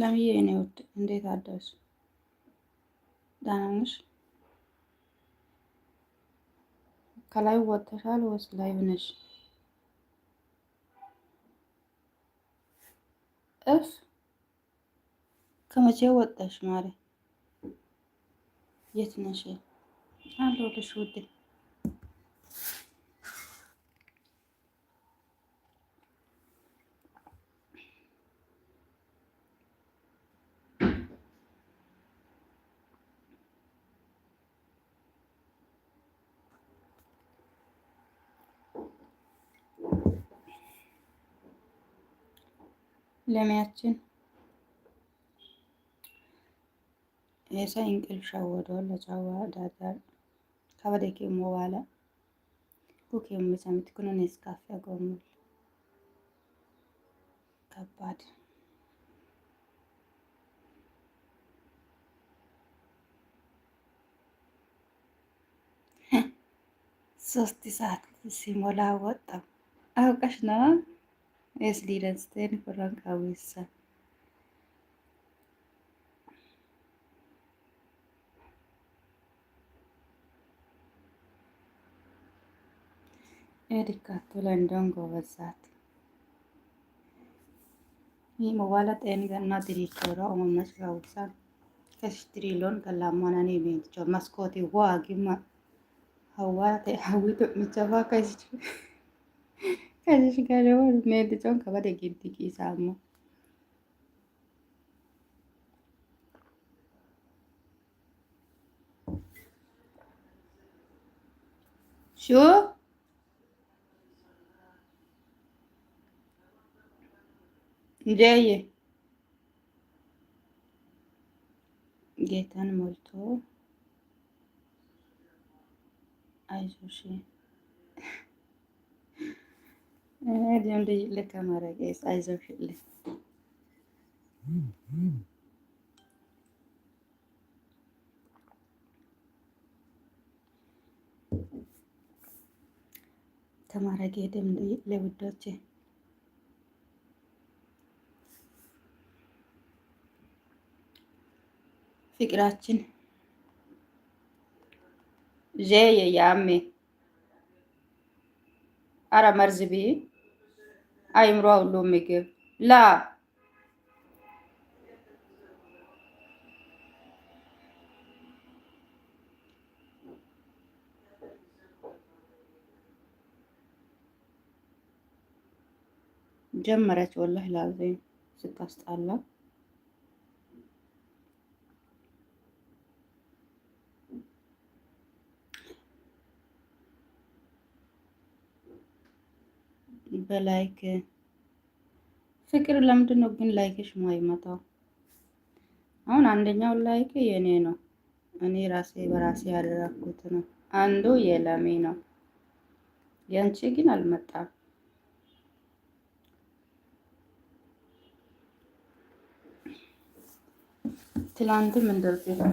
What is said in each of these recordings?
ለምዬ እኔ ውድ እንዴት አደርሽ? ደህና ነሽ? ከላይ ወጥተሻል ወይስ ላይቭ ነሽ? እፍ ከመቼ ወጣሽ? ማሪ የት ነሽ? አለሁልሽ ውዴ ለሚያችን ኤሳ እንቅልፍ ሸወደው ለጫዋ ዳዳር ከበደ ኬሞ በኋላ ኩክ የሚሰምት ኩኖ ኔስካፌ ከባድ ሶስት ሰዓት ሲሞላ ወጣ አውቀሽ ነው። sd6 frank awisa ኤዲካቶ ለንደን ጎበዛት ሞባይላ ጤንገና ዲሪቶራ ኦመመች ጋውሳን ከስትሪሎን ከላማናኔ ቤንቾ ማስኮቲ ዋጊማ ሀዋ ሀዊቶ ሚቻፋ ከስች Kasi sigara wari umede chonka varekitikisamo. Şu. C'yi. Geten molto. Ay şu şey. ልክ አማራጭ አይዞሽ ከማረግ ደም ለውዶች ፍቅራችን ዤ የያሜ አረ መርዝቢ አይምሯ ሁሉ ምግብ ላ ጀመረች ወላህ ላዜ ስታስጣላ በላይክ ፍቅር ለምንድን ነው ግን ላይክሽ ማይመጣው? አሁን አንደኛው ላይክ የኔ ነው፣ እኔ ራሴ በራሴ ያደረኩት ነው። አንዱ የለሜ ነው፣ ያንቺ ግን አልመጣም። ትላንትም እንደዚህ ነው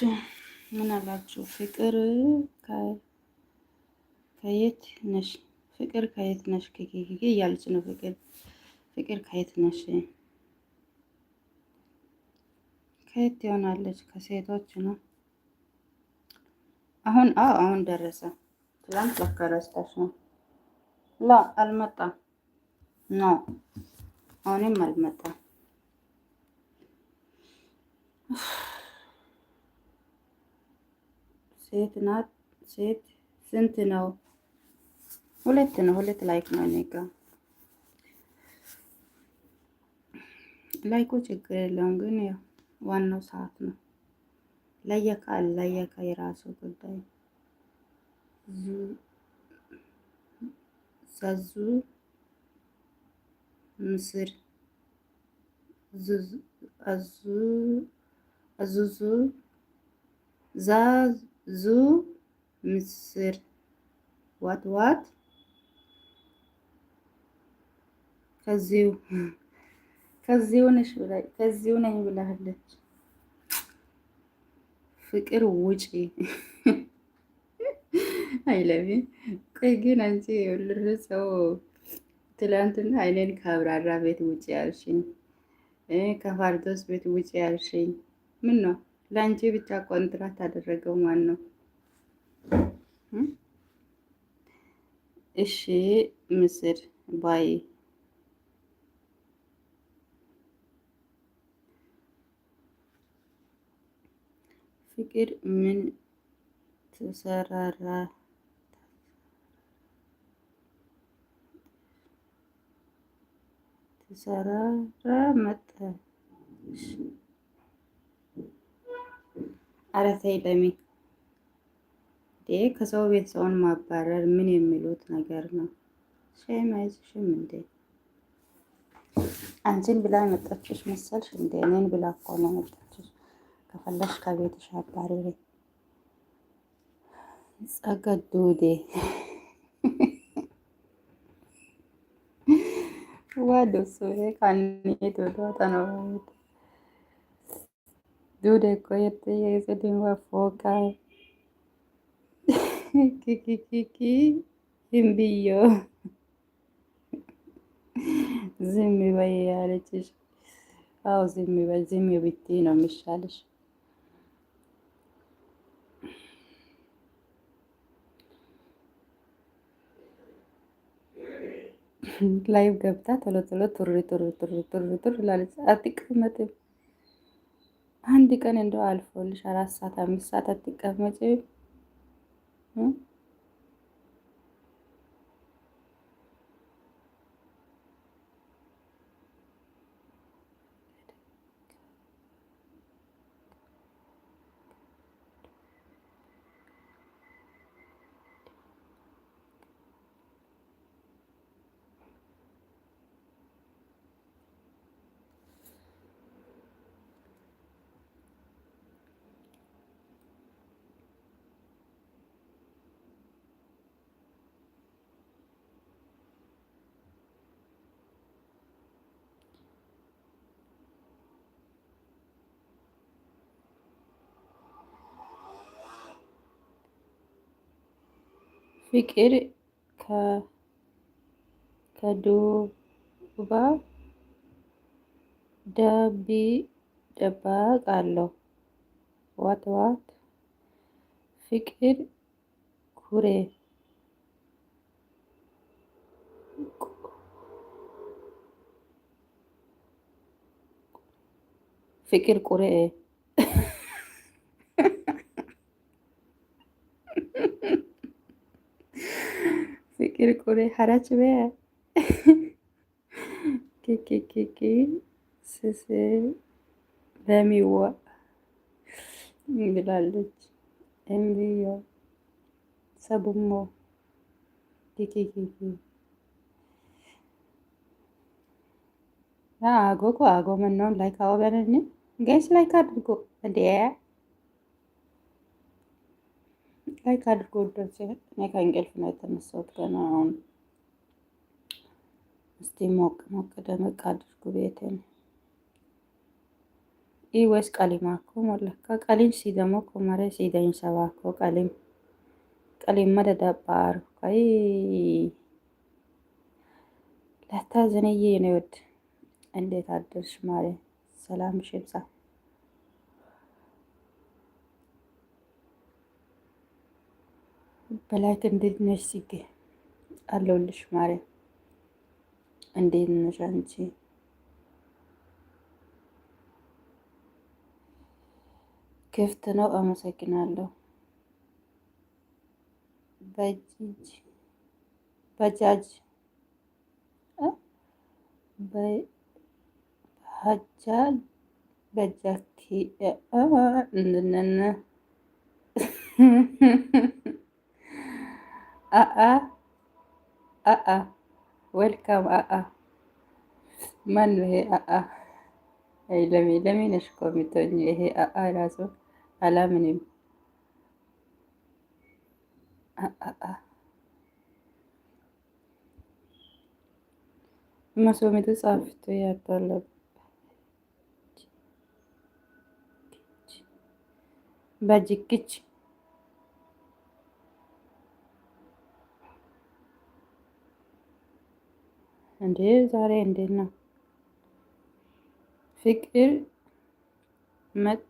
እሺ ምን አላችሁ? ፍቅር ከየት ነሽ? ፍቅር ከየት ነሽ? ከኬኬ እያለች ነው። ፍቅር ፍቅር ከየት ነሽ? ከየት ትሆናለች? ከሴቶች ነው። አሁን አዎ፣ አሁን ደረሰ። ትላንት ለካ ረስታሽ ነው። ላ አልመጣ ኖ፣ አሁንም አልመጣም። ሴት ናት። ሴት ስንት ነው? ሁለት ነው። ሁለት ላይክ ነው። እኔ ጋ ላይኩ ችግር የለውም፣ ግን ያው ዋናው ሰዓት ነው። ለየካ ለየካ የራሱ ጉዳይ ዛዙ ምስር አዙዙ ዛዙ ዙ ምስር ዋትዋት ከዚሁ ከዚሁ ነሽ ብላ ከዚሁ ነኝ ብላለች። ፍቅር ውጪ አይለቢ ቆይ ግን አንቺ የሁሉ ሰው ትላንትና አይኔን ከአብራራ ቤት ውጭ ያልሽኝ፣ ከፋርዶስ ቤት ውጭ ያልሽኝ ምን ነው? ለአንቺ ብቻ ኮንትራት አደረገው ማን ነው? እሺ ምስር ባይ ፍቅር ምን ተሰራራ ተሰራራ መጣ ኧረ ተይ ለሚ ከሰው ቤት ሰውን ማባረር ምን የሚሉት ነገር ነው? ሸም አይዝሽም እንዴ? አንቺን ብላ የመጣችሽ መሰልሽ እንዴ? እኔን ብላ እኮ ነው የመጣችሽ። ከፈለሽ ከቤትሽ አባረሪ። ጸጋ ዱዴ ዋዶ ሶሄ ካኔ ዶዶ ነው Dude koyote yezedinwa foka kikikiki እምብዬው ዝም በይ ያለችሽ? አዎ ዝም በይ ዝም ብትይ ነው የሚሻልሽ። ላይቭ ገብታ ቶሎ ቶሎ ቱሪ ቱሪ ቱሪ ቱሪ ላለች አትቀመጥም። አንድ ቀን እንደው አልፎልሽ አራት ሰዓት አምስት ሰዓት አትቀመጭ ፍቅር ከዱባ አለው ። ዋት ዋት ፍቅር ኩሬ ፍቅር ቁርኤ করে করে হারাচবে ኬኬኬኬ ስስ በሚዋ ብላለች። እንዲያ ሰቡሞ ኬኬኬኬ አጎ አጎ ምነው ላይክ አወበነኒ ጋይስ ላይክ አድርጎ እንዴ ላይክ አድርጎ ወደርቼ እኔ ከእንቅልፍ ነው የተነሳሁት። ገና አሁን እስቲ ሞቅ ሞቅ ደመቅ አድርጉ ቤትን። ኢ ወስ ቀሊማኮ ሞለካ ቀሊም ሲ ደሞ ኮመረ ሲ ደንሰባኮ ቀሊም ቀሊም መደዳ ባሩ ከይ ለታ ዘነዬ ነው። እንዴት አደርሽ ማሬ? ሰላም ይብዛ። በላይት እንዴት ነሽ? ሲገ አለሁልሽ። ማርያም እንዴት ነሽ አንቺ? ክፍት ነው። አመሰግናለሁ። በጃጅ በጃጅ በጃኪ አአ አአ ወልካም አአ ማን ነው ይሄ አአ? አይ ለሚ ለሚ ነሽ እኮ የምትሆኝ ይሄ አአ ራሱ አላምንም። መሶሚቱ ጻፍቶ ያታለብ በጅክች እንዴ ዛሬ እንዴት ነው? ፍቅር መጥ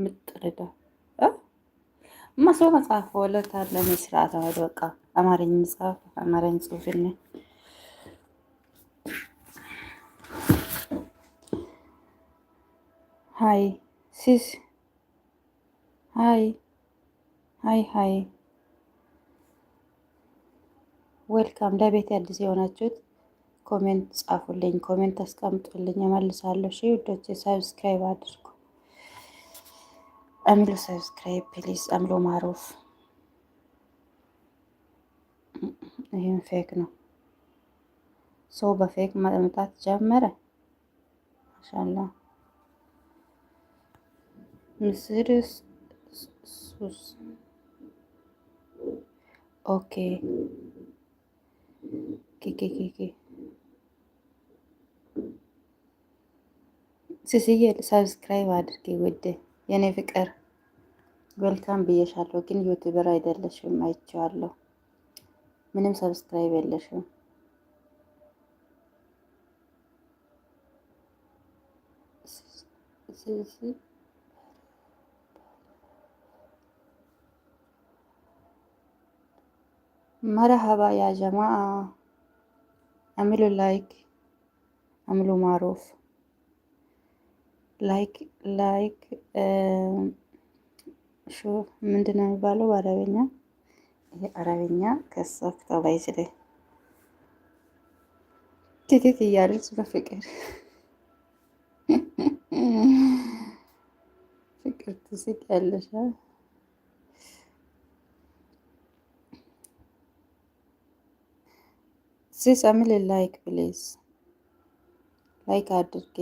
ምጥርዳ ምጥርዳ እማሶ መጽሐፍ ወለት አለ መስራት አሁን በቃ አማርኛ መጽሐፍ አማርኛ ጽሑፍ ሀይ Siz hay ሀይ ሀይ ዌልካም ለቤት አዲስ የሆናችሁት ኮሜንት ጻፉልኝ፣ ኮሜንት አስቀምጡልኝ፣ እመልሳለሁ። ሺ ውዶች ሰብስክራይብ አድርጉ። አምሉ ሰብስክራይብ ፕሊዝ፣ አምሉ ማሩፍ። ይህም ፌክ ነው። ሰው በፌክ መምጣት ጀመረ። ማሻላ Mercedes sus. Okay. ¿Qué, ስስዬ ሰብስክራይብ አድርጌ ውድ የኔ ፍቅር ዌልካም ብዬሻለሁ። ግን ዩቲዩበር አይደለሽም አይቼዋለሁ። ምንም ሰብስክራይብ የለሽም። ስስ مرحبا يا جماعة اعملوا لايك اعملوا معروف ላይክ ላይክ ሹ ምንድን ነው የሚባለው አረበኛ? ይሄ አረበኛ ከሳፍታ ላይ ስለ ትትት እያለች በፍቅር ፍቅር ትስቅ ያለሻል። sis አምል ላይክ ፕሌስ ላይክ አድርጌ